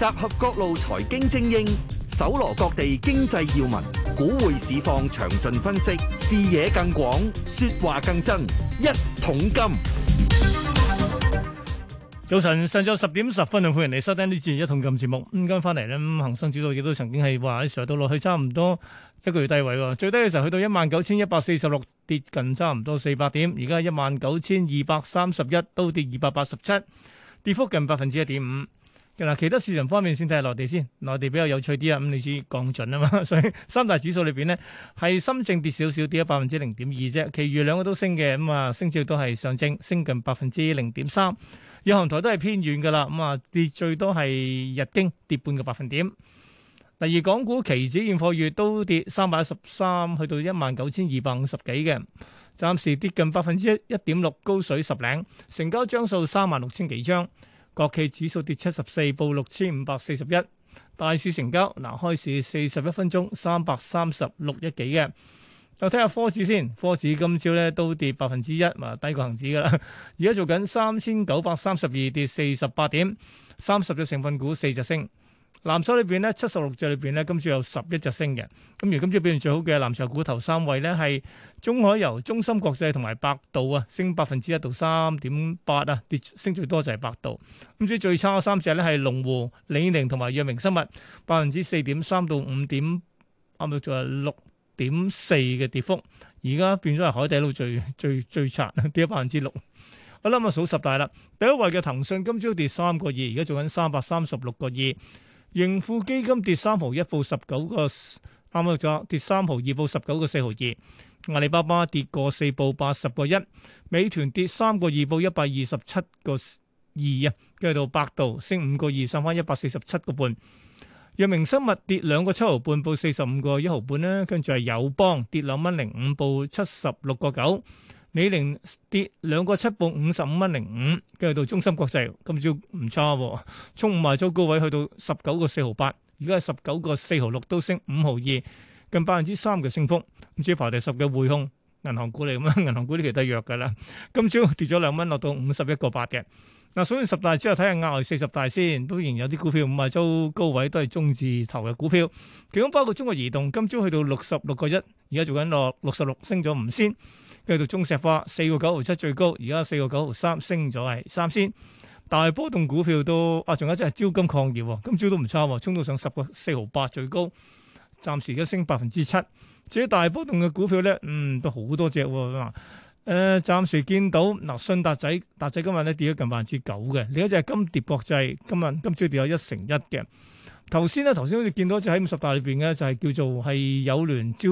集合各路財經精英，搜羅各地經濟要聞，股匯市況詳盡分析，視野更廣，說話更真。一桶金。早晨，上晝十點十分，我歡迎你收聽呢節一桶金節目。咁今日翻嚟咧，恒生指數亦都曾經係話喺上到落去差唔多一個月低位喎，最低嘅時候去到一萬九千一百四十六，跌近差唔多四百點，而家一萬九千二百三十一，都跌二百八十七，跌幅近百分之一點五。嗱，其他市場方面先睇下內地先，內地比較有趣啲啊，咁你知降準啊嘛，所以三大指數裏邊呢，係深圳跌少少跌咗百分之零點二啫，其餘兩個都升嘅，咁、嗯、啊，升主要都係上證，升近百分之零點三，恆生台都係偏軟噶啦，咁、嗯、啊跌最多係日經跌半個百分點。第二，港股期指現貨月都跌三百一十三，去到一萬九千二百五十幾嘅，暫時跌近百分之一一點六，高水十零，成交張數三萬六千幾張。國企指數跌七十四，報六千五百四十一。大市成交嗱，開市四十一分鐘三百三十六億幾嘅。又睇下科指先，科指今朝咧都跌百分之一，啊低過恒指噶啦。而家做緊三千九百三十二，跌四十八點，三十隻成分股四隻升。藍籌呢邊咧，七十六隻裏邊咧，今朝有十一隻升嘅。咁而今朝表現最好嘅藍籌股頭三位咧，係中海油、中芯國際同埋百度啊，升百分之一到三點八啊，跌升最多就係百度。咁即係最差三隻咧，係龍湖、李寧同埋藥明生物，百分之四點三到五點，啱啱做六點四嘅跌幅。而家變咗係海底撈最最最差，跌咗百分之六。好啦，咁啊數十大啦，第一位嘅騰訊，今朝跌三個二，而家做緊三百三十六個二。盈富基金跌三毫一，報十九個啱啱落咗，跌三毫二，報十九個四毫二。阿里巴巴跌個四，報八十個一。美團跌三個二，報一百二十七個二啊。跟住到百度升五個二，上翻一百四十七個半。藥明生物跌兩個七毫半，報四十五個一毫半咧。跟住係友邦跌兩蚊零五，報七十六個九。李寧跌兩個七，報，五十五蚊零五，跟住到中心國際，今朝唔差，衝五十周高位去到十九個四毫八，而家係十九個四毫六，都升五毫二，近百分之三嘅升幅。唔知排第十嘅匯控銀行股嚟咁樣，銀行股啲其實都弱噶啦。今朝跌咗兩蚊，落到五十一個八嘅。嗱，數完十大之後睇下額外四十大先，都仍然有啲股票五十周高位都係中字頭嘅股票，其中包括中國移動，今朝去到六十六個一，而家做緊落六十六，升咗五仙。跟住到中石化，四個九毫七最高，而家四個九毫三升咗，係三仙大波動股票都啊，仲有一隻係招金礦業，今朝都唔差喎，衝到上十個四毫八最高，暫時而家升百分之七。至於大波動嘅股票咧，嗯，都好多隻嗱、啊，誒、呃，暫時見到嗱，信、啊、達仔達仔今日咧跌咗近百分之九嘅，另一隻係金蝶國際，今日今朝跌咗一成一嘅。頭先咧，頭先好似見到喺五十大裏邊咧，就係叫做係有聯招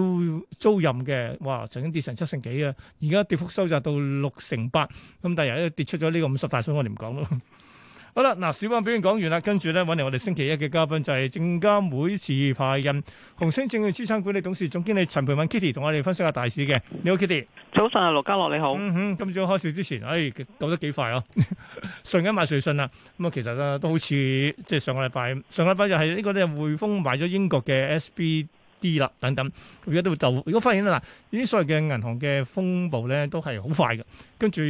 租賃嘅，哇！曾經跌成七成幾啊，而家跌幅收窄到六成八，咁但係又跌出咗呢個五十大，所以我哋唔講咯。好啦，嗱、啊，小班表演講完啦，跟住咧揾嚟我哋星期一嘅嘉賓就係證監會持牌人紅星證券資產管理董事總經理陳培敏 Kitty，同我哋分析下大市嘅。你好，Kitty。早晨啊，陸家樂你好。嗯、今朝開市之前，哎，倒得幾快啊！順緊買瑞信啦。咁啊，其實啊，都好似即係上個禮拜，上、就是這個禮拜就係呢個咧，匯豐買咗英國嘅 SBD 啦，等等。而家都會倒。如果發現啦，嗱、啊，呢啲所謂嘅銀行嘅風暴咧，都係好快嘅。跟住。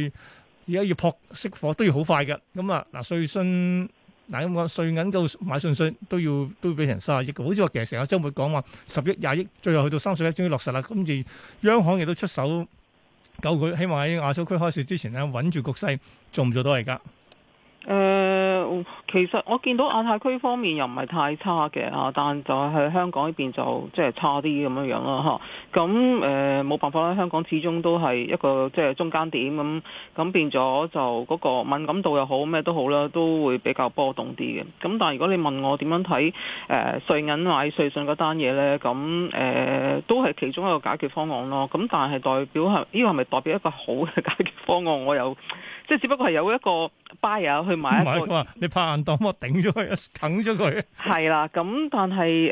而家要撲熄火都要好快㗎，咁啊，嗱，瑞信嗱咁嘅瑞銀夠買瑞信都要都要俾成卅億，好似話其實成個周末講話十億廿億，最後去到三十億終於落實啦。跟住央行亦都出手救佢，希望喺亞洲區開市之前咧穩住局勢，做唔做到而家。誒、呃，其實我見到亞太區方面又唔係太差嘅嚇、啊，但就係香港呢邊就即係、就是、差啲咁樣樣啦嚇。咁誒冇辦法啦，香港始終都係一個即係、就是、中間點咁，咁、啊、變咗就嗰個敏感度又好咩都好啦，都會比較波動啲嘅。咁、啊、但係如果你問我點樣睇誒瑞銀買瑞信嗰單嘢咧，咁、啊、誒、啊、都係其中一個解決方案咯。咁、啊、但係代表係呢個係咪代表一個好嘅解決方案？我又即係只不過係有一個。buy 啊，去買一個，你拍硬檔我頂咗佢，啃咗佢。係 啦，咁但係誒，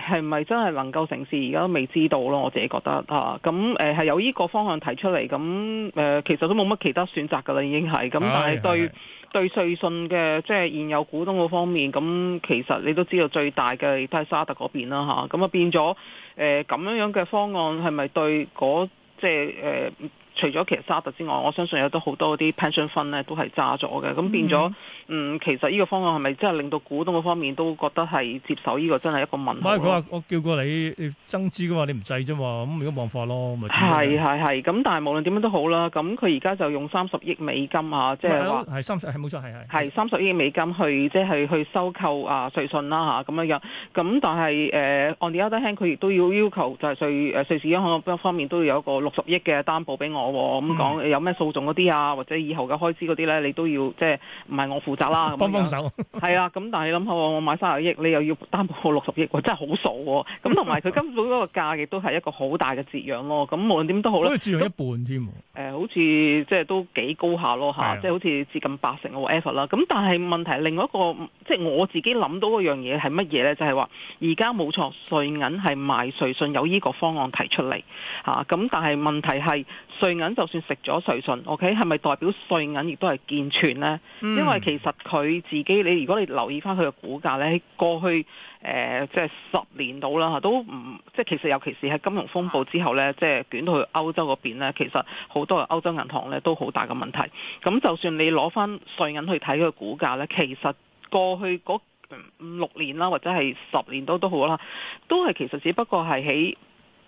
係、呃、咪真係能夠成事？而家都未知道咯，我自己覺得嚇。咁誒係有呢個方向提出嚟，咁、嗯、誒、呃、其實都冇乜其他選擇㗎啦，已經係咁。但係對是是是對，對瑞信嘅即係現有股東嗰方面，咁其實你都知道最大嘅亦都係沙特嗰邊啦吓，咁啊變咗誒咁樣樣嘅方案係咪對嗰即係誒？呃除咗其實沙特之外，我相信有得好多啲 pension fund 呢都係揸咗嘅，咁變咗，嗯，嗯，其實呢個方案係咪真係令到股東嗰方面都覺得係接受呢個真係一個問題？唔係佢話我叫過你，你增資嘅嘛，你唔制啫嘛，咁如果辦法咯，咪係係係咁，但係無論點樣都好啦，咁佢而家就用三十億美金啊，即係話係三十係冇錯係係三十億美金去即係、就是、去收購啊瑞信啦嚇咁樣樣，咁但係誒、呃、on the other hand，佢亦都要要求就係瑞瑞士央行方面都要有一個六十億嘅擔保俾我。我咁講，嗯、有咩訴訟嗰啲啊，或者以後嘅開支嗰啲呢，你都要即係唔係我負責啦？幫幫手，係啊！咁但係你諗下喎，我買三十億，你又要擔保六十億，我真係好傻喎、啊！咁同埋佢根本嗰個價亦都係一個好大嘅折讓咯。咁無論點都好啦，折讓一半添。誒都、呃，好似即係都幾高下咯嚇，的即係好似接近八成個 effort 啦。咁但係問題另外一個，即係我自己諗到嗰樣嘢係乜嘢呢？就係話而家冇錯，瑞銀係賣瑞信有呢個方案提出嚟嚇。咁、啊、但係問題係瑞。銀、嗯、就算食咗瑞信，OK，係咪代表瑞銀亦都係健全呢？因為其實佢自己，你如果你留意翻佢嘅股價呢，過去誒即係十年到啦，都唔即係其實尤其是喺金融風暴之後呢，即係捲到去歐洲嗰邊呢，其實好多嘅歐洲銀行呢都好大嘅問題。咁就算你攞翻瑞銀去睇佢個股價呢，其實過去嗰五六年啦，或者係十年到都好啦，都係其實只不過係喺。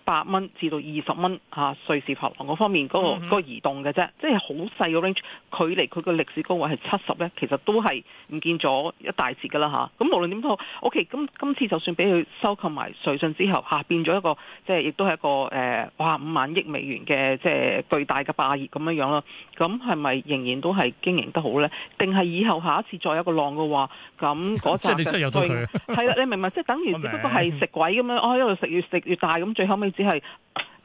八蚊至到二十蚊嚇，瑞士法郎嗰方面嗰個移動嘅啫，即係好細個 range。距離佢嘅歷史高位係七十咧，其實都係唔見咗一大截噶啦吓，咁無論點都好，OK。咁今次就算俾佢收購埋瑞信之後，吓變咗一個即係亦都係一個誒，哇、呃、五萬億美元嘅即係巨大嘅霸業咁樣樣咯。咁係咪仍然都係經營得好咧？定係以後下一次再有個浪嘅話，咁嗰扎啦， 你明唔明？即係對 Alberto. 等於只不過係食鬼咁樣，我喺度食越食越大，咁最後尾。只係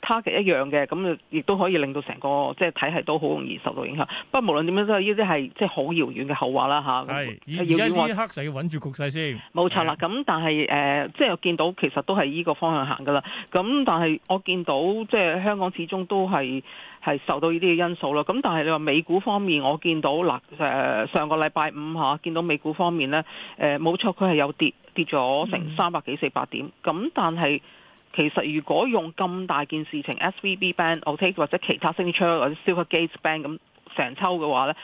target 一樣嘅，咁亦都可以令到成個即係體系都好容易受到影響。不過無論點樣都係呢啲係即係好遙遠嘅後話啦嚇。係是，而家呢一刻就要穩住局勢先。冇錯啦，咁是但係誒、呃，即我見到其實都係依個方向行噶啦。咁但係我見到即係香港始終都係係受到呢啲嘅因素咯。咁但係你話美股方面，我見到嗱誒、呃、上個禮拜五嚇，見到美股方面呢，誒、呃、冇錯佢係有跌跌咗成三百幾四百點。咁、嗯、但係其實如果用咁大件事情 SVB Bank or、okay, take 或者其他 Signature 或者 Silvergate Bank 咁成抽嘅話呢，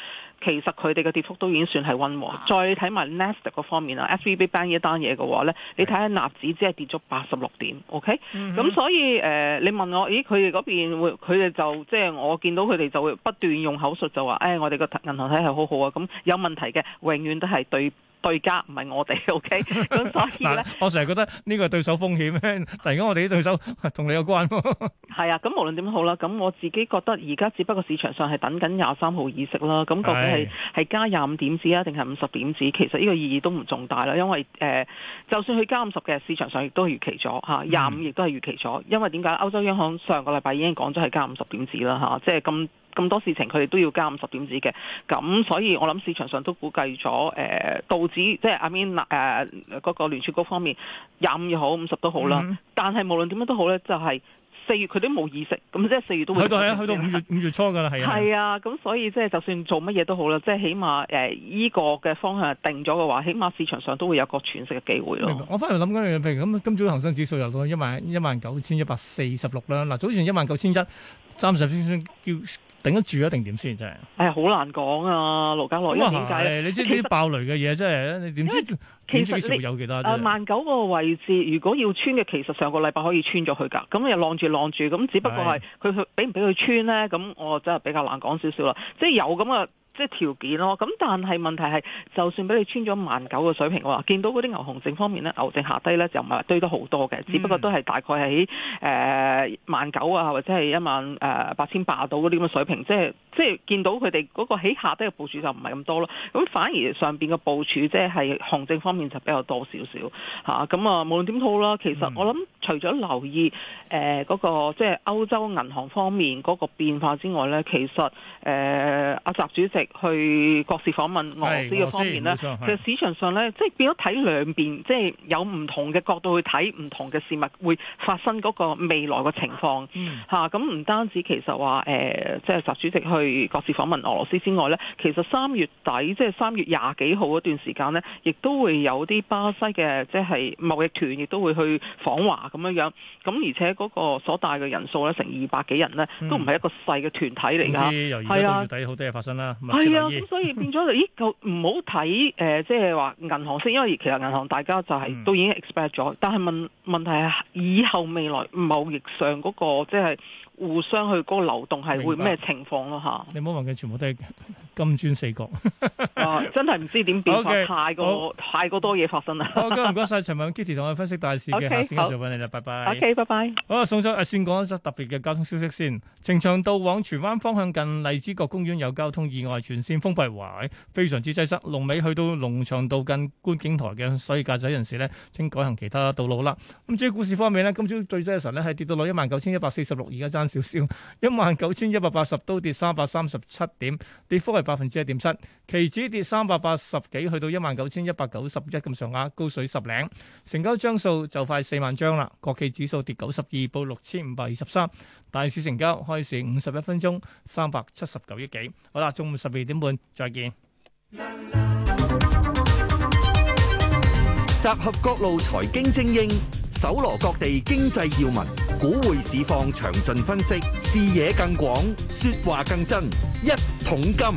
其實佢哋嘅跌幅都已經算係溫和。啊、再睇埋 Nest 嗰方面啊 SVB Bank 一單嘢嘅話呢，的你睇下納指只係跌咗八十六點，OK、嗯哼。咁所以誒、呃，你問我，咦？佢哋嗰邊會，佢哋就即係我見到佢哋就會不斷用口述就話，誒、哎，我哋個銀行體係好好啊，咁有問題嘅永遠都係對。對家唔係我哋，OK，咁所以咧、 啊，我成日覺得呢個對手風險，突然間我哋啲對手同你有關，係啊，咁無論點都好啦。咁我自己覺得而家只不過市場上係等緊廿三號議息啦。咁究竟係係加廿五點子啊，定係五十點子？其實呢個意義都唔重大啦，因為誒、呃，就算佢加五十嘅市場上亦都係預期咗吓，廿五亦都係預期咗，嗯、因為點解？歐洲央行上個禮拜已經講咗係加五十點子啦吓、啊，即係咁。咁多事情佢哋都要加五十點子嘅，咁所以我諗市場上都估計咗，誒道指即係 I mean 嗰個聯儲局方面廿五又好五十都好啦。但係無論點樣都好咧，就係四月佢都冇意識，咁即係四月都會去到去到五月五月初㗎啦，係啊。係啊，咁所以即係就算做乜嘢都好啦，即係起碼誒依個嘅方向定咗嘅話，起碼市場上都會有個喘息嘅機會咯。我翻嚟諗緊譬如，咁今朝恒生指數又到一萬一萬九千一百四十六啦。嗱，早前一萬九千一，三十先生叫頂得住一定點先真係？哎呀，好難講啊，羅家樂。咁、哎、啊，係實你知啲爆雷嘅嘢真係，你點知？其實有幾多？啊、呃，萬九個位置，如果要穿嘅，其實上個禮拜可以穿咗佢㗎。咁又晾住晾住，咁只不過係佢佢俾唔俾佢穿咧？咁我真係比較難講少少啦。即係有咁嘅。即係條件咯，咁但係問題係，就算俾你穿咗萬九嘅水平嘅話，見到嗰啲牛熊證方面咧，牛證下低咧就唔係話堆得好多嘅，只不過都係大概喺誒萬九啊，或者係一萬誒八千八到嗰啲咁嘅水平，即係即係見到佢哋嗰個喺下低嘅部署就唔係咁多咯。咁反而上邊嘅部署即係係熊證方面就比較多少少嚇。咁啊，啊，無論點套啦，其實我諗除咗留意誒嗰、呃那個即係歐洲銀行方面嗰個變化之外咧，其實誒阿、呃、習主席。去國事訪問俄羅斯個方面呢，其實市場上呢，即係變咗睇兩邊，即係有唔同嘅角度去睇唔同嘅事物會發生嗰個未來嘅情況嚇。咁唔、嗯啊、單止其實話誒、呃，即係習主席去國事訪問俄羅斯之外呢，其實三月底即係三月廿幾號嗰段時間呢，亦都會有啲巴西嘅即係貿易團，亦都會去訪華咁樣樣。咁、啊、而且嗰個所帶嘅人數呢，成二百幾人呢，嗯、都唔係一個細嘅團體嚟噶。係啊，三月底好多嘢發生啦。係啊，咁所以變咗就，咦，呃、就唔好睇誒，即係話銀行息，因為其實銀行大家就係、係、都已經 expect 咗，但係問問題係以後未來貿易上嗰、嗰個即係，就是互相去嗰個流動係會咩白情況咯？嚇，你唔好話佢全部都係金磚四角， 啊，真係唔知點變化，okay，太過好太過多嘢發生啦。好、 啊，唔該晒。陳文 Kitty 同我分析大市嘅時間就問你啦，拜拜好。O K，拜拜。Okay, bye bye 好，送咗誒先講一則特別嘅交通消息先。呈祥道往荃灣方向近荔枝角公園有交通意外，全線封閉懷，懷非常之擠塞。龍尾去到龍翔道近觀景台嘅所以駕駛人士呢，請改行其他道路啦。咁、嗯、至於股市方面呢，今朝最低嘅時候呢，係跌到落一萬九千一百四十六而家少少，一萬九千一百八十都跌三百三十七點，跌幅係百分之一點七。期指跌三百八十幾，去到一萬九千一百九十一咁上下，高水十零。成交張數就快四萬張啦。國企指數跌九十二，報六千五百二十三。大市成交開市五十一分鐘，三百七十九億幾。好啦，中午十二點半再見。集合各路財經精英，搜羅各地經濟要聞。股匯市況詳盡分析，視野更廣，說話更真。一桶金，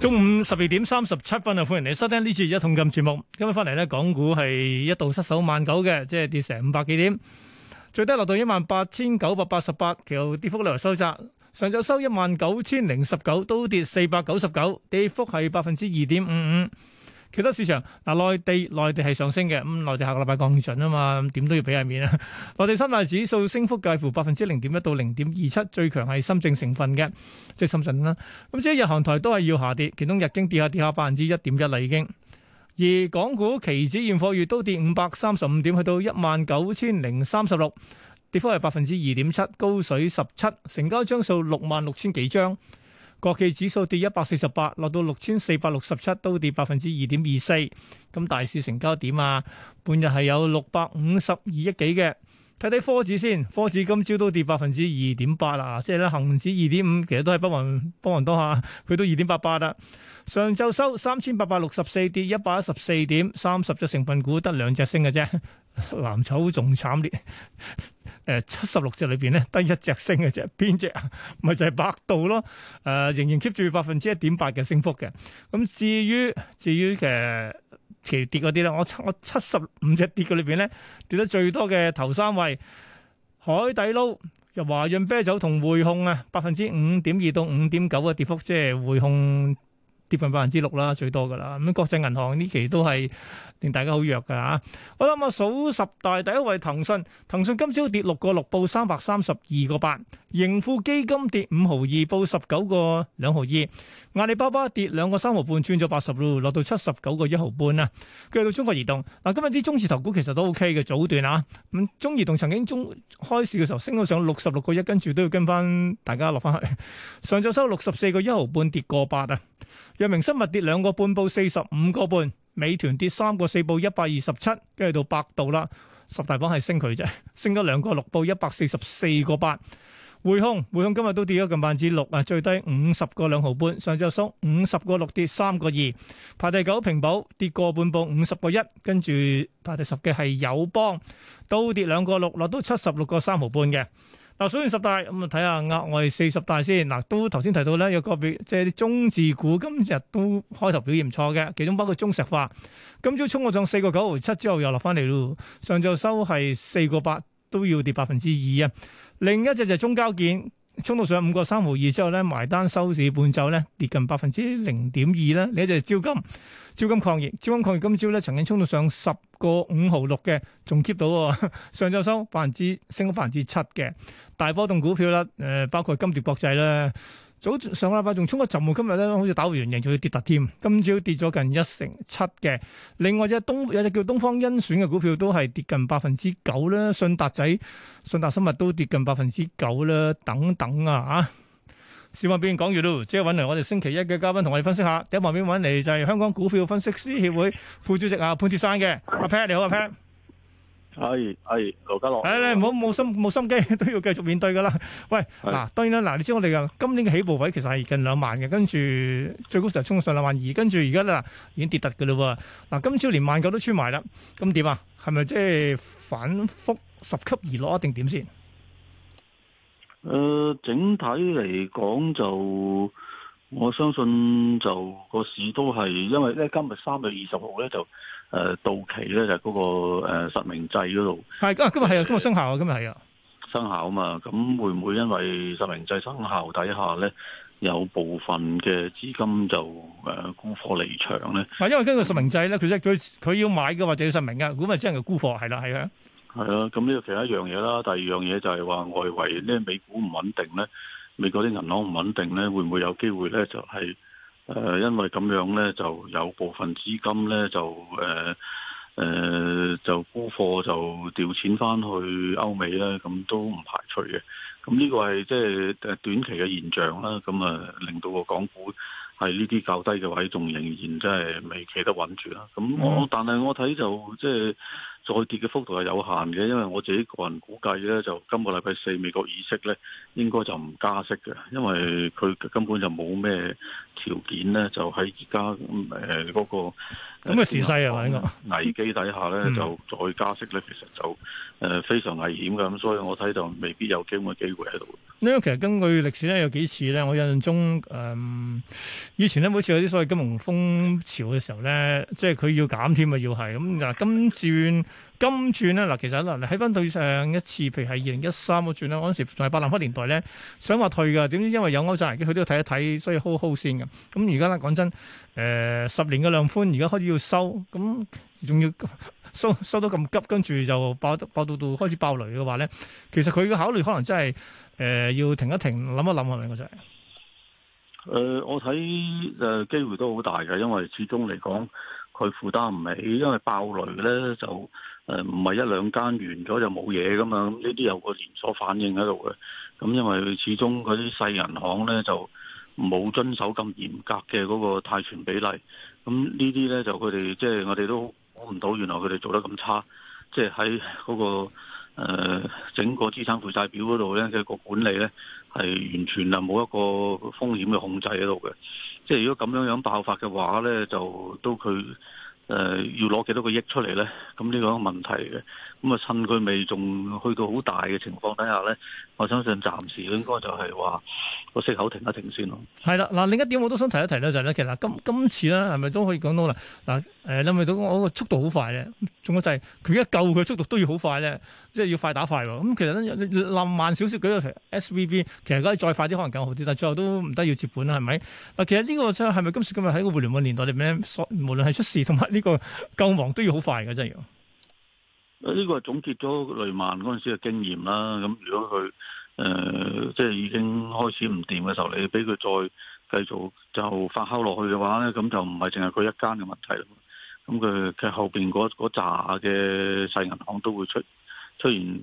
中午十二點三十七分啊！歡迎你收聽呢次一桶金節目。今日翻嚟咧，港股係一度失守萬九嘅，即係跌成五百幾點，最低落到一萬八千九百八十八，其後跌幅略有收窄，上晝收一萬九千零十九，都跌四百九十九，跌幅係百分之二點五五。其他市場嗱，內、啊、地內地係上升嘅，咁、嗯、內地下個禮拜降準啊嘛，點都要俾下面啊。內地三大指數升幅介乎百分之零點一到零點二七，最強係深證成分嘅，即係深圳啦。咁、嗯、至於日韓台都係要下跌，其中日經跌下跌下百分之一點一啦已經。而港股期指現貨月都跌五百三十五點，去到一萬九千零三十六，跌幅係百分之二點七，高水十七，成交張數六萬六千幾張。國企指數跌一百四十八，落到六千四百六十七，都跌百分之二點二四。咁大市成交點啊，半日係有六百五十二億幾嘅。睇睇科指先，科指今朝都跌百分之二點八啦，即係咧恒指二點五，其實都係不云，不云多下，佢都二點八八啦。上晝收三千八百六十四，跌一百一十四點，三十隻成分股得兩隻升嘅啫， 藍籌仲慘啲。 誒七十六隻裏邊咧，得、呃、一隻升嘅啫，邊隻啊？咪 就係百度咯。誒、呃，仍然 keep 住百分之一點八嘅升幅嘅。咁至於至於嘅期跌嗰啲咧，我我七十五隻跌嘅裏邊咧，跌得最多嘅頭三位，海底撈、華潤啤酒同匯控啊，百分之五點二到五點九嘅跌幅，即係匯控。跌近百分之六啦，最多噶啦。咁國際銀行呢期都係令大家好弱噶嚇、啊。好啦，咁啊數十大第一位騰訊，騰訊今朝跌六個六，報三百三十二個八，盈富基金跌五毫二，報十九個兩毫二。阿里巴巴跌兩個三毫半，轉咗八十落到七十九個一毫半啦。跟住到中國移動，嗱、啊、今日啲中字頭股其實都 O K 嘅早段啊。咁、嗯、中移動曾經中開市嘅時候升到上六十六個一，跟住都要跟翻大家落翻去，上晝收六十四個一毫半，跌過八啊。藥明生物跌兩個半報四十五個半，美團跌三個四報一百二十七，跟住到百度啦，十大榜係升佢啫，升咗兩個六報一百四十四個八。匯控匯控今日都跌咗近萬指六，啊最低五十個兩毫半，上晝收五十個六跌三個二，排第九平保跌個半報五十個一，跟住排第十嘅係友邦都跌兩個六，落到七十六個三毫半嘅。嗱，首選十大咁啊，睇下額外四十大先。嗱，都頭先提到咧，有個別即係啲中字股今日都開頭表現唔錯嘅，其中包括中石化。今朝衝過上四個九毫七之後又落翻嚟咯。上晝收係四個八，都要跌百分之二啊。另一隻就係中交建，衝到上五個三毫二之後咧，埋單收市半晝咧跌近百分之零點二啦。另一隻係招金，招金礦業，招金礦業今朝咧曾經衝到上十個五毫六嘅，仲 keep 到。上晝收百分之升咗百分之七嘅。大波動股票啦，誒、呃，包括金蝶國際咧，早上個禮拜仲衝過站，今日咧好似打回原形，仲要跌突添。今朝跌咗近一成七嘅，另外隻東有隻叫東方甄選嘅股票都係跌近百分之九啦，信達仔、信達生物都跌近百分之九啦，等等啊，吓。事話變講完咯，即係搵嚟我哋星期一嘅嘉賓同我哋分析下。第一旁邊搵嚟就係香港股票分析師協會副主席阿、啊、潘鐵山嘅，阿 Pat 你好，阿 Pat。係係，劉家樂，誒，你唔好冇心冇心機，都要繼續面對噶啦。喂，嗱是、啊，當然啦，嗱，你知我哋嘅今年嘅起步位其實係近兩萬嘅，跟住最高時候衝上兩萬二，跟住而家咧，已經跌突嘅啦。嗱、啊，今朝連萬九都穿埋啦，咁點啊？係咪即係反覆十級而落一定點先？誒、呃，整體嚟講就，我相信就個市都係因為咧，今日三月二十號咧就。誒、呃，到期咧就嗰、是、個誒實名制嗰度係，今日、呃、今日係啊，今日生效啊，今日係啊，生效啊嘛，咁會唔會因為實名制生效底下咧，有部分嘅資金就誒沽貨離場咧？啊，因為根據實名制咧，佢即佢佢要買嘅話就要實名㗎，咁咪即係沽貨係啦，係啊，係啊。咁呢個其他一樣嘢啦，第二樣嘢就係話外圍呢美股唔穩定咧，美國啲銀行唔穩定咧，會唔會有機會咧就係、是？誒，因為咁樣咧，就有部分資金咧，就誒誒、呃呃，就沽貨、嗯，就調錢翻去歐美咧，咁都唔排除嘅。咁呢個係即係短期嘅現象啦。咁啊，令到個港股係呢啲較低嘅位，仲仍然即係未企得穩住啦。咁我，但係我睇就即係。再跌嘅幅度係有限嘅，因為我自己個人估計咧，就今個禮拜四美國議息咧，應該就唔加息嘅，因為佢根本就冇咩條件咧，就喺而家誒嗰個咁嘅時勢啊，緊個危機底下咧，嗯、就再加息咧，其實就誒非常危險嘅，咁所以我睇就未必有機會機會喺度。呢個其實根據歷史咧，有幾次咧，我印象中誒、嗯、以前咧，每次有啲所謂金融風潮嘅時候咧，即係佢要減添啊，要係咁嗱金轉。今次今轉咧嗱，其實嗱，你睇翻對上一次，譬如係二零一三嗰轉咧，嗰陣時仲係伯南克年代咧，想話退嘅，點知因為有歐債，佢都要睇一睇，所以 hold hold 先嘅。咁而家咧講真，誒、呃、十年嘅量寬，而家開始要收，咁仲要收收到咁急，跟住就爆爆，爆到度開始爆雷嘅話咧，其實佢嘅考慮可能真係誒要停一停，諗一諗係咪嗰隻？誒、就是呃，我睇誒、呃、機會都好大嘅，因為始終嚟講，佢負擔唔起，因為爆雷咧就。誒，唔係一兩間完咗就冇嘢噶嘛，咁呢啲有個連鎖反應喺度嘅。咁因為始終嗰啲細銀行呢，就冇遵守咁嚴格嘅嗰個貸存比例，咁呢啲呢，就佢哋即係我哋都估唔到，原來佢哋做得咁差。即係喺嗰個、呃、整個資產負債表嗰度呢，嘅個管理呢，係完全係冇一個風險嘅控制喺度嘅。即係如果咁樣樣爆發嘅話呢，就都佢。誒要攞幾多個億出嚟咧？咁呢個問題嘅。咁啊，趁佢未仲去到好大嘅情況底下咧，我相信暫時應該就係話個息口停一停先咯。係啦，嗱另一點我都想提一提咧，就係、是、咧，其實今今次咧係咪都可以講到啦？嗱誒諗起都我個速度好快嘅，仲有就係佢一救佢速度都要好快咧，即係要快打快喎。咁其實咧，臨慢少少舉個 SVB 其實可以再快啲可能更好啲，但最後都唔得要接本啦，係咪？嗱，其實呢個即係咪今次今日喺個互聯網年代，你咩所無論係出事同埋呢個救亡都要好快嘅真係。呢個係總結咗雷曼嗰陣時嘅經驗啦，咁如果佢誒、呃、即係已經開始唔掂嘅時候，你俾佢再繼續就發酵落去嘅話咧，咁就唔係淨係佢一間嘅問題，咁佢佢後邊嗰嗰扎嘅細銀行都會出出現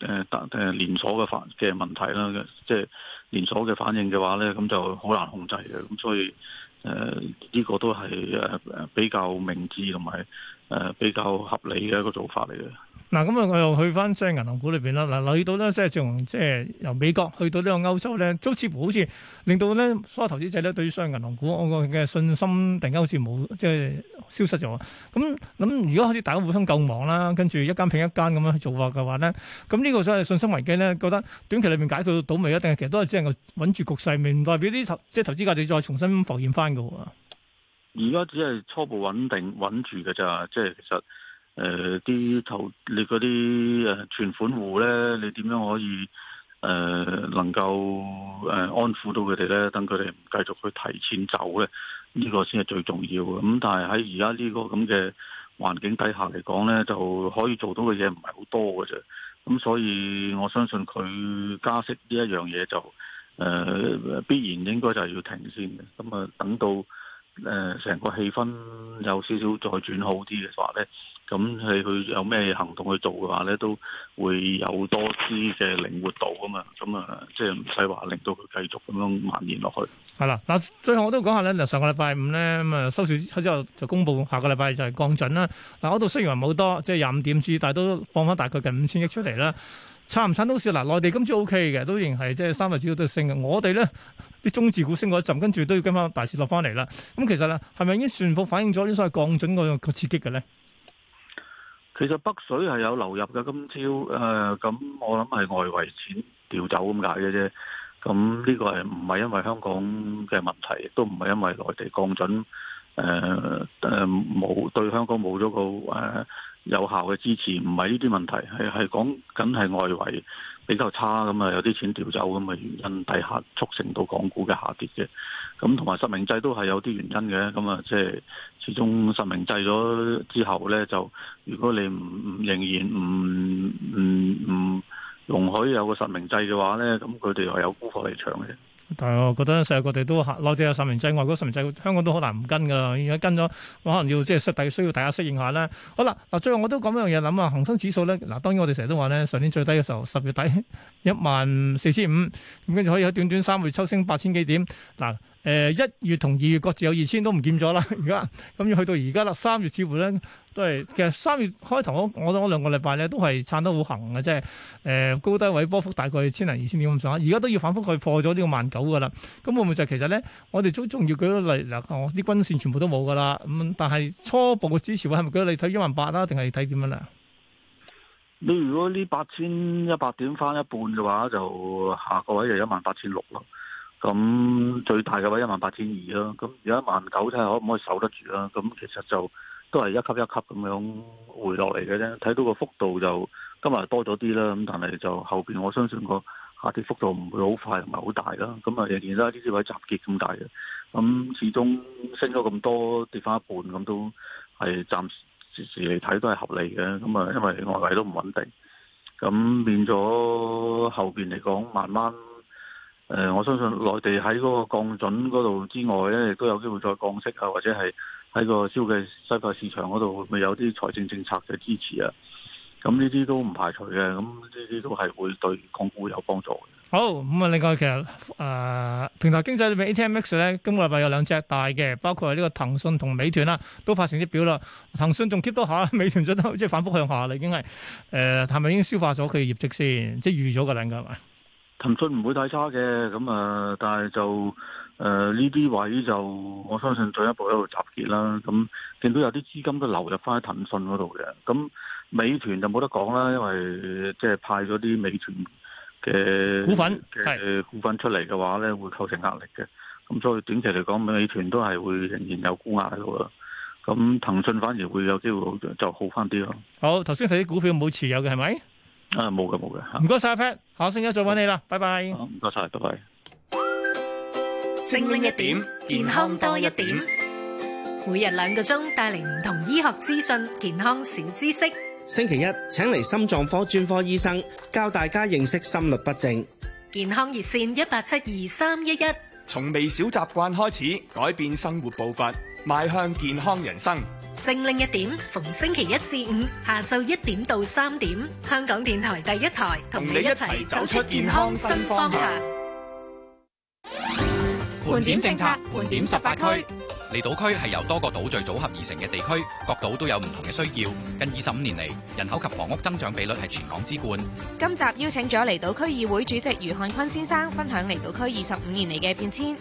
誒連鎖嘅反嘅問題啦，嘅即係連鎖嘅反應嘅話咧，咁就好難控制嘅，咁所以。誒，呢個都係誒誒，比較明智同埋誒，比較合理嘅一個做法嚟嘅。嗱，咁啊，我又去翻即係銀行股裏邊啦。嗱，留意到咧，即係從即係由美國去到呢個歐洲咧，都似乎好似令到咧所有投資者咧對於商業銀行股嗰個嘅信心突然間好似冇即係消失咗。咁咁，如果好似大家本身夠忙啦，跟住一間拼一間咁樣去做法嘅話咧，咁呢個所謂信心危機咧，覺得短期裏面解決到倒未啊？定係其實都係只係穩住局勢未？唔代表啲投即係投資價值再重新浮現翻嘅喎。而家只係初步穩定穩住嘅咋，即係其實。誒、啲投你嗰啲誒存款戶咧，你點樣可以誒、呃、能夠誒安撫到佢哋咧？等佢哋唔繼續去提前走咧，呢、呢個先係最重要嘅。咁但係喺而家呢個咁嘅環境底下嚟講咧，就可以做到嘅嘢唔係好多嘅啫。咁所以我相信佢加息呢一樣嘢就誒、呃、必然應該就係要停先嘅。咁啊，等到誒成、呃、個氣氛有少少再轉好啲嘅話咧。咁係佢有咩行動去做嘅話咧，都會有多啲嘅靈活度啊嘛。咁啊，即係唔使話令到佢繼續咁樣蔓延落去係啦。嗱，最後我都講下咧。嗱，上個禮拜五咧咁啊，收市之後就公布下個禮拜就係降準啦。嗱，嗰度雖然話冇多，即係廿五點子，但係都放翻大概近五千億出嚟啦。差唔差都少嗱。內地今次 O K 嘅，都仍係即係三百指數都升嘅。我哋咧啲中字股升過一陣，跟住都要跟翻大市落翻嚟啦。咁其實咧係咪已經全部反映咗啲所謂降準個刺激嘅咧？其實北水係有流入嘅，今朝誒，咁、呃、我諗係外圍錢調走咁解嘅啫。咁呢個係唔係因為香港嘅問題，亦都唔係因為內地降準。誒誒，冇、呃呃、對香港冇咗個誒、呃、有效嘅支持，唔係呢啲問題，係係講緊係外圍比較差，咁、嗯、啊有啲錢調走，咁啊原因底下促成到港股嘅下跌嘅，咁同埋實名制都係有啲原因嘅，咁啊即係始終實名制咗之後咧，就如果你唔仍然唔唔唔容許有個實名制嘅話咧，咁佢哋係有沽貨嚟搶嘅。但係我覺得世界各地都內地有實名制，外國實名制，香港都好難唔跟㗎啦。而家跟咗，我可能要即係實底，需要大家適應下啦。好啦，嗱最後我都講一樣嘢，諗啊，恒生指數咧，嗱當然我哋成日都話咧，上年最低嘅時候十月底一萬四千五，咁跟住可以喺短短三個月抽升八千幾點，嗱。誒一、呃、月同二月各自有二千都唔見咗啦，而家咁要去到而家啦，三月似乎咧都係其實三月開頭我我嗰兩個禮拜咧都係撐得好行嘅，即係誒高低位波幅大概千零二千點咁上下，而家都要反覆去破咗呢個萬九噶啦，咁、嗯、會唔會就其實咧我哋都仲要舉例嚟嗱，我啲均線全部都冇噶啦，咁、嗯、但係初步嘅支持位係咪舉例你睇一萬八啦，定係睇點樣咧？你如果呢八千一百點翻一半嘅話，就下個位就一萬八千六咯。咁最大嘅位一萬八千二啦，咁有一萬九睇下可唔可以守得住啦？咁其實就都係一級一級咁樣回落嚟嘅啫。睇到個幅度就今日多咗啲啦，咁但係就後邊我相信個下跌幅度唔會好快同埋好大啦。咁啊，仍然有呢啲位集結咁大嘅。咁始終升咗咁多，跌翻一半咁都係暫時嚟睇都係合理嘅。咁啊，因為外圍都唔穩定，咁變咗後邊嚟講慢慢。誒、呃，我相信內地喺嗰個降準嗰度之外咧，亦都有機會再降息啊，或者係喺個消費、消費市場嗰度，咪有啲財政政策嘅支持啊？咁呢啲都唔排除嘅，咁呢啲都係會對港股有幫助嘅。好，咁啊，另外其實誒、呃，平台經濟嘅 A T M X 咧，今個禮拜有兩隻大嘅，包括係呢個騰訊同美團啦、啊，都發成績表啦。騰訊仲 keep 到下，美團做得即係反覆向下啦，已經係誒，係、呃、咪已經消化咗佢嘅業績先？即係預咗個量噶係咪？騰訊唔會太差嘅，咁啊，但係就誒呢啲位就我相信進一步喺度集結啦。咁見到有啲資金都流入翻喺騰訊嗰度嘅，咁美團就冇得講啦，因為即係派咗啲美團嘅股份嘅股份出嚟嘅話咧，會構成壓力嘅。咁所以短期嚟講，美團都係會仍然有股壓嘅喎。咁騰訊反而會有機會就好翻啲咯。好，頭先睇啲股票冇持有嘅係咪？啊，冇嘅，冇嘅吓。唔該晒 Pat，下星期一再揾你啦，拜拜。好，唔該晒，多謝。精靈拜一點，健康多一點，每日兩個鐘帶嚟唔同醫學資訊、健康小知識。星期一請嚟心臟科專科醫生教大家認識心律不正。健康熱線一八七二三一一。從微小習慣開始，改變生活步伐，邁向健康人生。正拎一點，逢星期一至五下晝一點到三點，香港電台第一台同你一齊走出健康新方向。盤點政策，盤點十八區。離島區係由多個島嶼組合而成嘅地區，各島都有唔同嘅需要。近二十五年嚟，人口及房屋增長比率係全港之冠。今集邀請咗離島區議會主席余漢坤先生，分享離島區二十五年嚟嘅變遷。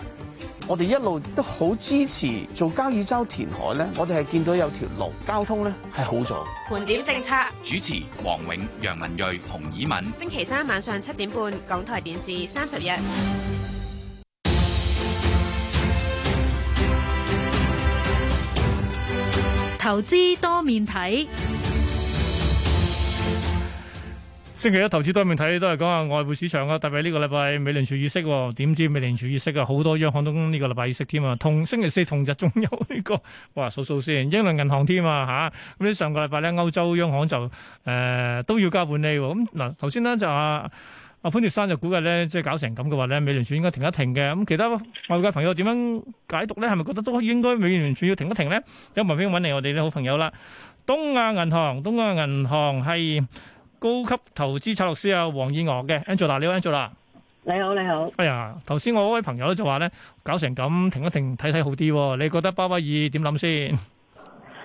我哋一路都好支持做交椅洲填海咧，我哋係見到有條路交通咧係好做。盤點政策，主持黃永、楊文睿以文、洪綺敏。星期三晚上七點半，港台電視三十一。投資多面睇。星期一投資多面睇都係講下外匯市場啊，特別呢個禮拜美聯儲議息，點知美聯儲議息啊好多央行都呢個禮拜議息添啊，同星期四同日仲有呢、呢個，哇數數先，英倫銀行添啊吓，咁你上個禮拜咧歐洲央行就誒、呃、都要加換呢，咁嗱頭先咧就啊，啊潘傑山就估計咧即係搞成咁嘅話咧，美聯儲應該停一停嘅，咁其他外界朋友點樣解讀咧？係咪覺得都應該美聯儲要停一停咧？有文章揾嚟我哋啲好朋友啦，東亞銀行，東亞銀行係。高級投資策略師啊，黃燕娥嘅 Angela，你好 Angela，你好你好，你好哎呀，頭先我位朋友咧就話咧搞成咁，停一停睇睇好啲，你覺得鮑威爾點諗先？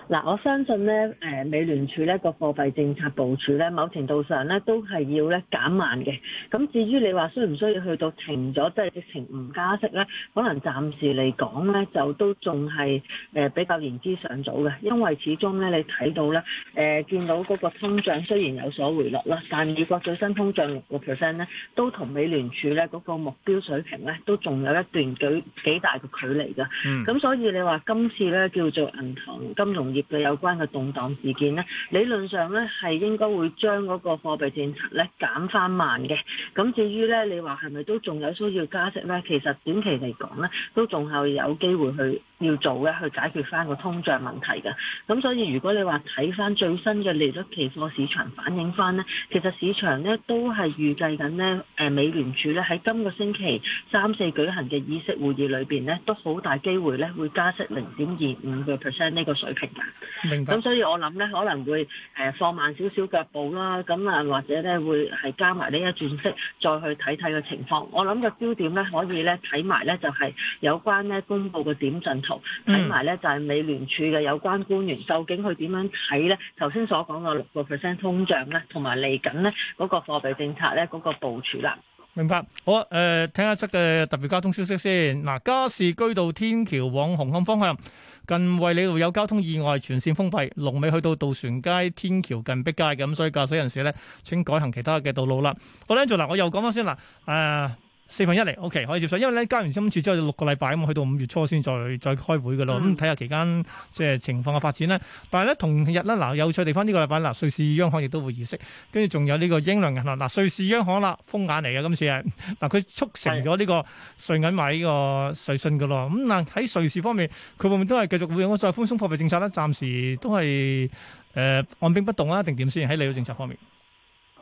嗱，我相信咧，誒，美聯儲咧個貨幣政策部署咧，某程度上咧都係要咧減慢嘅。咁至於你話需唔需要去到停咗，即係直情唔加息咧？可能暫時嚟講咧，就都仲係誒比較言之尚早嘅，因為始終咧你睇到咧，誒、呃、見到嗰個通脹雖然有所回落啦，但係美國最新通脹六個 percent 咧，都同美聯儲咧嗰個目標水平咧，都仲有一段幾幾，幾大嘅距離㗎。咁、嗯、所以你話今次咧叫做銀行金融業，嘅有關嘅動盪事件呢，理論上呢，係應該會將嗰個貨幣政策呢，減翻慢嘅。咁至於呢，你話係咪都仲有需要加息呢？其實短期嚟講呢，都仲係有機會去要做嘅，去解決翻個通脹問題㗎。咁所以如果你話睇翻最新嘅利率期貨市場反映翻呢，其實市場呢都係預計緊呢，誒，美聯儲呢喺今個星期三四舉行嘅議息會議裏邊呢，都好大機會呢會加息零點二五個 percent 呢個水平㗎。明白。咁所以我諗咧，可能會誒、呃、放慢少少腳步啦。咁啊，或者咧會係加埋呢一轉息再去睇睇個情況。我諗嘅焦點咧，可以咧睇埋咧就係、是、有關咧公布嘅點陣圖，睇埋咧就係、是、美聯儲嘅有關官員究竟佢點樣睇咧？頭先所講嘅六個 percent 通脹咧，同埋嚟緊咧嗰個貨幣政策咧嗰、那個部署啦。明白，好啊，誒、呃，聽一則嘅特別交通消息先。嗱、啊，加士居道天橋往紅磡方向，近衛理路有交通意外，全線封閉，龍尾去到渡船街天橋近碧街嘅，咁、嗯、所以駕駛人士咧，請改行其他嘅道路啦。我咧就嗱，我又講翻先嗱，誒、啊。四分一嚟，OK 可以接受，因為咧加完今次之後有六個禮拜咁去到五月初先再再開會噶咯，咁睇下期間即係、呃、情況嘅發展咧。但係咧，同日咧嗱、呃，有趣地方呢個禮拜嗱，瑞士央行亦都會議息，跟住仲有呢個英倫銀行嗱，瑞士央行啦，風眼嚟嘅今次係嗱，佢、呃、促成咗呢、這個瑞銀買呢個瑞信嘅咯。咁嗱喺瑞士方面，佢會唔會都係繼續會用我再寬鬆貨幣政策咧？暫時都係誒按兵不動啊，定點先喺利率政策方面。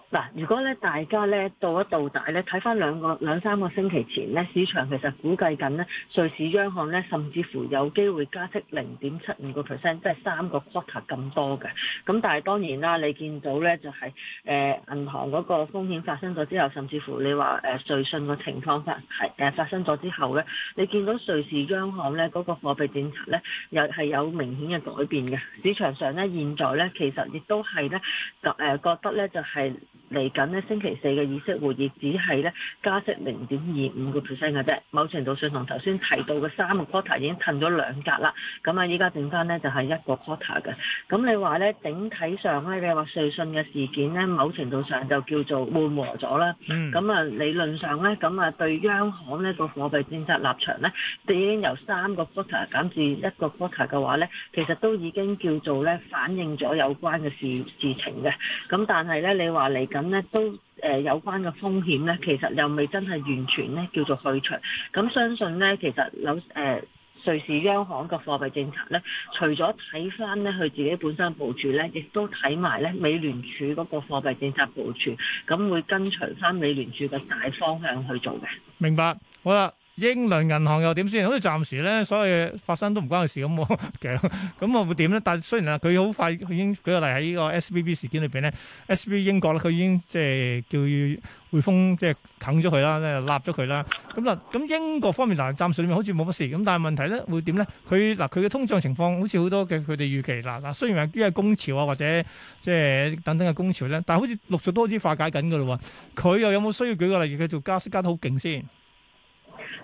嗱，如果咧大家咧到一到大咧，睇翻兩個兩三個星期前咧，市場其實估計緊咧，瑞士央行咧甚至乎有機會加息零點七五個 percent，即係三個 quarter 咁多嘅。咁但係當然啦，你見到咧就係誒銀行嗰個風險發生咗之後，甚至乎你話誒瑞信個情況發誒、呃、發生咗之後咧，你見到瑞士央行咧嗰個貨幣政策咧又係有明顯嘅改變嘅。市場上咧現在咧其實亦都係咧，誒覺得咧就係、是。嚟緊咧星期四嘅議息會議，只係咧加息零點二五個 percent 嘅啫。某程度上同頭先提到嘅三個 quarter 已經褪咗兩格啦。咁啊，依家剩翻咧就係一個 quarter 嘅。咁你話咧整體上咧你話瑞信嘅事件咧，某程度上就叫做緩和咗啦。咁啊理論上咧，咁啊對央行呢個貨幣政策立場咧，已經由三個 quarter 減至一個 quarter 嘅話咧，其實都已經叫做咧反映咗有關嘅事事情嘅。咁但係咧，你話嚟緊。咁咧都誒、呃、有關嘅風險咧，其實又未真係完全咧叫做去除。咁相信咧，其實有誒、呃、瑞士央行嘅貨幣政策咧，除咗睇翻咧佢自己本身部署咧，亦都睇埋咧美聯儲嗰個貨幣政策部署，咁會跟隨翻美聯儲嘅大方向去做嘅。明白，好啦。英倫銀行又點先？好似暫時咧，所有發生都唔關佢事咁喎。咁咁啊會點咧？但雖然啊，佢好快佢已經舉個例喺呢個 SVB 事件裏邊咧，SVB 英國咧，佢已經即係叫匯豐即係啃咗佢啦，咧納咗佢啦。咁嗱，咁英國方面嗱暫時裡面好似冇乜事。咁但係問題咧會點咧？佢嗱佢嘅通脹情況好似好多嘅佢哋預期嗱嗱，雖然話啲係工潮啊或者即係等等嘅工潮咧，但係好似陸續都好似化解緊嘅嘞喎。佢又有冇需要舉個例佢做加息加得好勁先？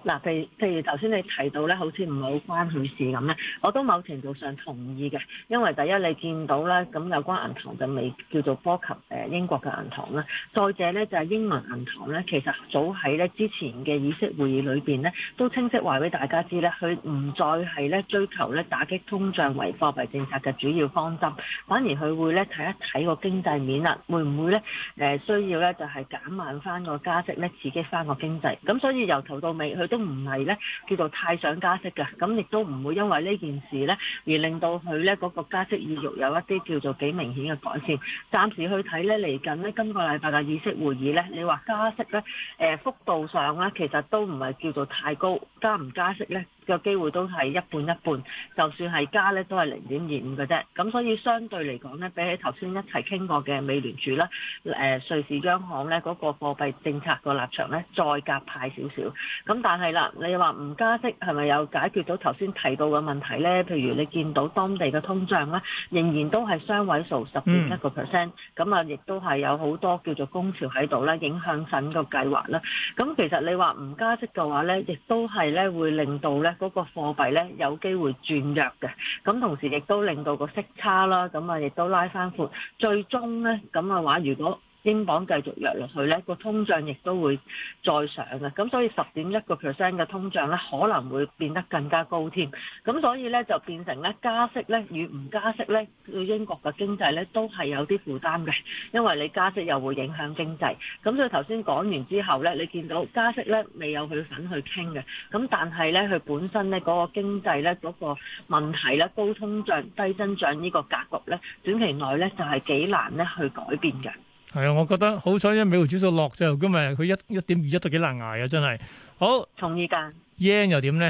嗱，譬如譬如頭先你提到咧，好似唔係好關佢事咁咧，我都某程度上同意嘅，因為第一你見到咧，咁有關銀行就未叫做波及誒、呃、英國嘅銀行啦，再者咧就係、是、英文銀行咧，其實早喺咧之前嘅議息會議裏邊咧，都清晰話俾大家知咧，佢唔再係咧追求咧打擊通脹為貨幣政策嘅主要方針，反而佢會咧睇一睇個經濟面啦，會唔會咧誒、呃、需要咧就係減慢翻個加息咧，刺激翻個經濟，咁所以由頭到尾佢都唔係咧，叫做太想加息嘅，咁亦都唔會因為呢件事咧而令到佢咧嗰個加息意欲有一啲叫做幾明顯嘅改善。暫時去睇咧，嚟緊呢今個禮拜嘅議息會議咧，你話加息咧，誒、呃、幅度上咧其實都唔係叫做太高，加唔加息咧嘅機會都係一半一半。就算係加咧，都係零點二五嘅啫。咁所以相對嚟講咧，比起頭先一齊傾過嘅美聯儲啦、誒、呃、瑞士央行咧嗰個貨幣政策個立場咧，再夾派少少。咁但係，係啦，你話唔加息係咪有解決到頭先提到嘅問題呢？譬如你見到當地嘅通脹呢仍然都係雙位數十點一個 percent，咁啊，亦都係有好多叫做工潮喺度啦，影響緊個計劃啦。咁其實你話唔加息嘅話呢亦都係咧會令到呢嗰個貨幣咧有機會轉弱嘅，咁同時亦都令到個息差啦，咁啊亦都拉翻闊，最終呢，咁嘅話，如果英鎊繼續弱落去咧，個通脹亦都會再上嘅，咁所以十點一個 percent 嘅通脹咧可能會變得更加高添。咁所以咧就變成咧加息咧與唔加息咧對英國嘅經濟咧都係有啲負擔嘅，因為你加息又會影響經濟。咁所以頭先講完之後咧，你見到加息咧未有佢份去傾嘅，咁但係咧佢本身咧嗰個經濟咧嗰個問題咧高通脹低增長呢個格局咧短期內咧就係幾難咧去改變嘅。係啊，我覺得好彩，因為美匯指數落咗，今日佢一一點二一都幾難捱啊！真係好。從而家 yen 又點咧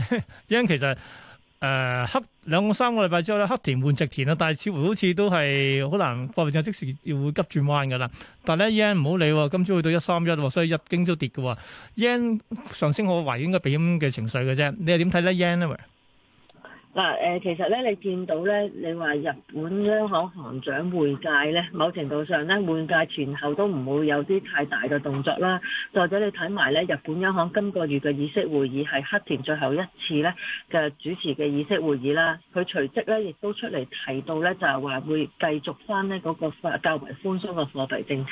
？yen 其實誒黑兩三個禮拜之後咧，黑田換直田啊，但係似乎好似都係好難，貨幣就即時要會急轉彎噶啦。但係咧 yen 唔好理喎，今朝去到一三一，所以一經都跌嘅喎。yen 上升，我懷疑應該避險嘅情緒嘅啫。你係點睇咧 yen 啊？嗱誒，其實咧，你見到咧，你話日本央行行長換屆咧，某程度上咧，換屆前後都唔會有啲太大嘅動作啦。再者，你睇埋咧，日本央行今個月嘅議息會議係黑田最後一次咧嘅主持嘅議息會議啦。佢隨即咧，亦都出嚟提到咧，就係話會繼續翻咧嗰個貨較為寬鬆嘅貨幣政策。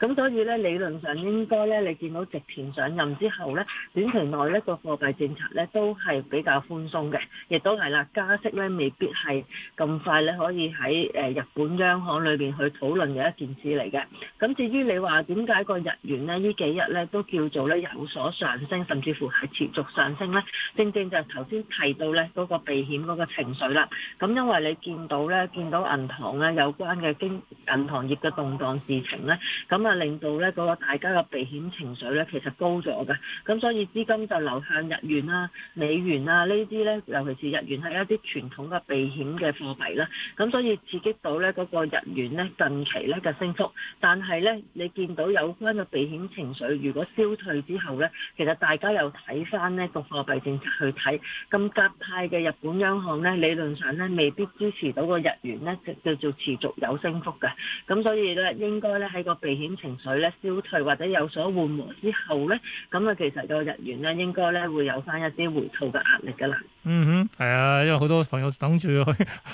咁所以咧，理論上應該咧，你見到直田上任之後咧，短期內咧個貨幣政策咧都係比較寬鬆嘅，亦都係啦。加息咧，未必係咁快咧，可以喺誒日本央行裏邊去討論嘅一件事嚟嘅。咁至於你話點解個日元咧，呢幾日咧，都叫做咧有所上升，甚至乎係持續上升咧？正正就頭先提到咧嗰個避險嗰個情緒啦。咁因為你見到咧，見到銀行咧有關嘅經銀行業嘅動盪事情咧，咁啊令到咧嗰個大家嘅避險情緒咧其實高咗㗎。咁所以資金就流向日元啦、美元呀呢啲咧，尤其是日元係。有一啲傳統嘅避險嘅貨幣啦，咁所以刺激到咧嗰個日元咧近期咧嘅升幅，但係咧你見到有關嘅避險情緒如果消退之後咧，其實大家又睇返呢個貨幣政策去睇，咁鴿派嘅日本央行咧理論上咧未必支持到個日元咧，就叫做持續有升幅嘅，咁所以咧應該咧喺個避險情緒咧消退或者有所緩和之後咧，咁啊其實個日元咧應該咧會有返一啲回吐嘅壓力㗎喇。嗯哼，係啊。有好多朋友等住去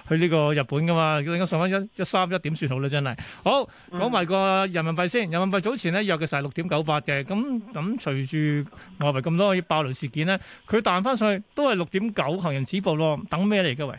去呢個日本噶嘛？應該上返一三一點算好啦，真係。好講埋個人民幣先，人民幣早前咧約嘅時係六點九八嘅，咁咁隨住外圍咁多爆雷事件咧，佢彈翻上去都係六點九，行人止步咯。等咩嚟噶為？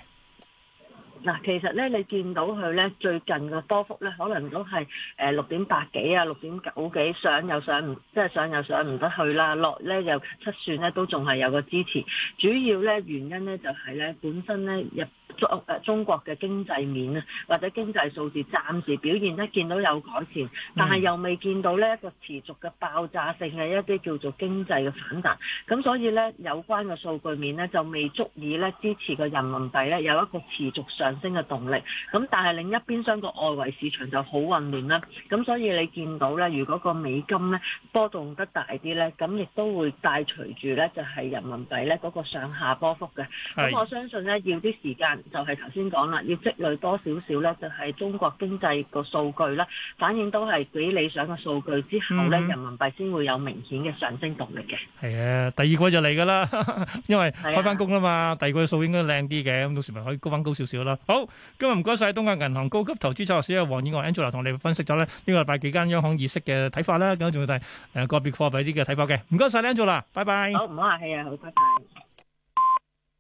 嗱，其實咧，你見到佢咧最近嘅波幅咧，可能都係誒六點八幾啊，六點九幾上又上唔，即係上又上唔得去啦，落咧又測算咧都仲係有個支持，主要咧原因咧就係咧本身咧入。中誒中國嘅經濟面啊，或者經濟數字暫時表現得見到有改善，但係又未見到呢一個持續嘅爆炸性嘅一啲叫做經濟嘅反彈。咁所以呢，有關嘅數據面呢，就未足以呢支持個人民幣呢有一個持續上升嘅動力。咁但係另一邊廂個外圍市場就好混亂啦。咁所以你見到呢，如果個美金呢波動得大啲呢，咁亦都會帶隨住呢就係人民幣呢嗰個上下波幅嘅。咁我相信呢，要啲時間。就係頭先講啦，要積累多少少咧，就係中國經濟個數據咧，反映都係幾理想嘅數據之後咧，人民幣先會有明顯嘅上升動力嘅。係啊，第二季就嚟㗎啦，因為開翻工啦嘛，第二季數應該靚啲嘅，咁到時咪可以高翻高少少啦。好，今日唔該曬東亞銀行高級投資策略師黃燕娥 Angela 同你分析咗咧，呢個禮拜幾間央行議息嘅睇法啦，咁仲要睇誒個別貨幣啲嘅睇法嘅。唔該曬 Angela，拜拜。好，唔好客氣啊，好，多謝。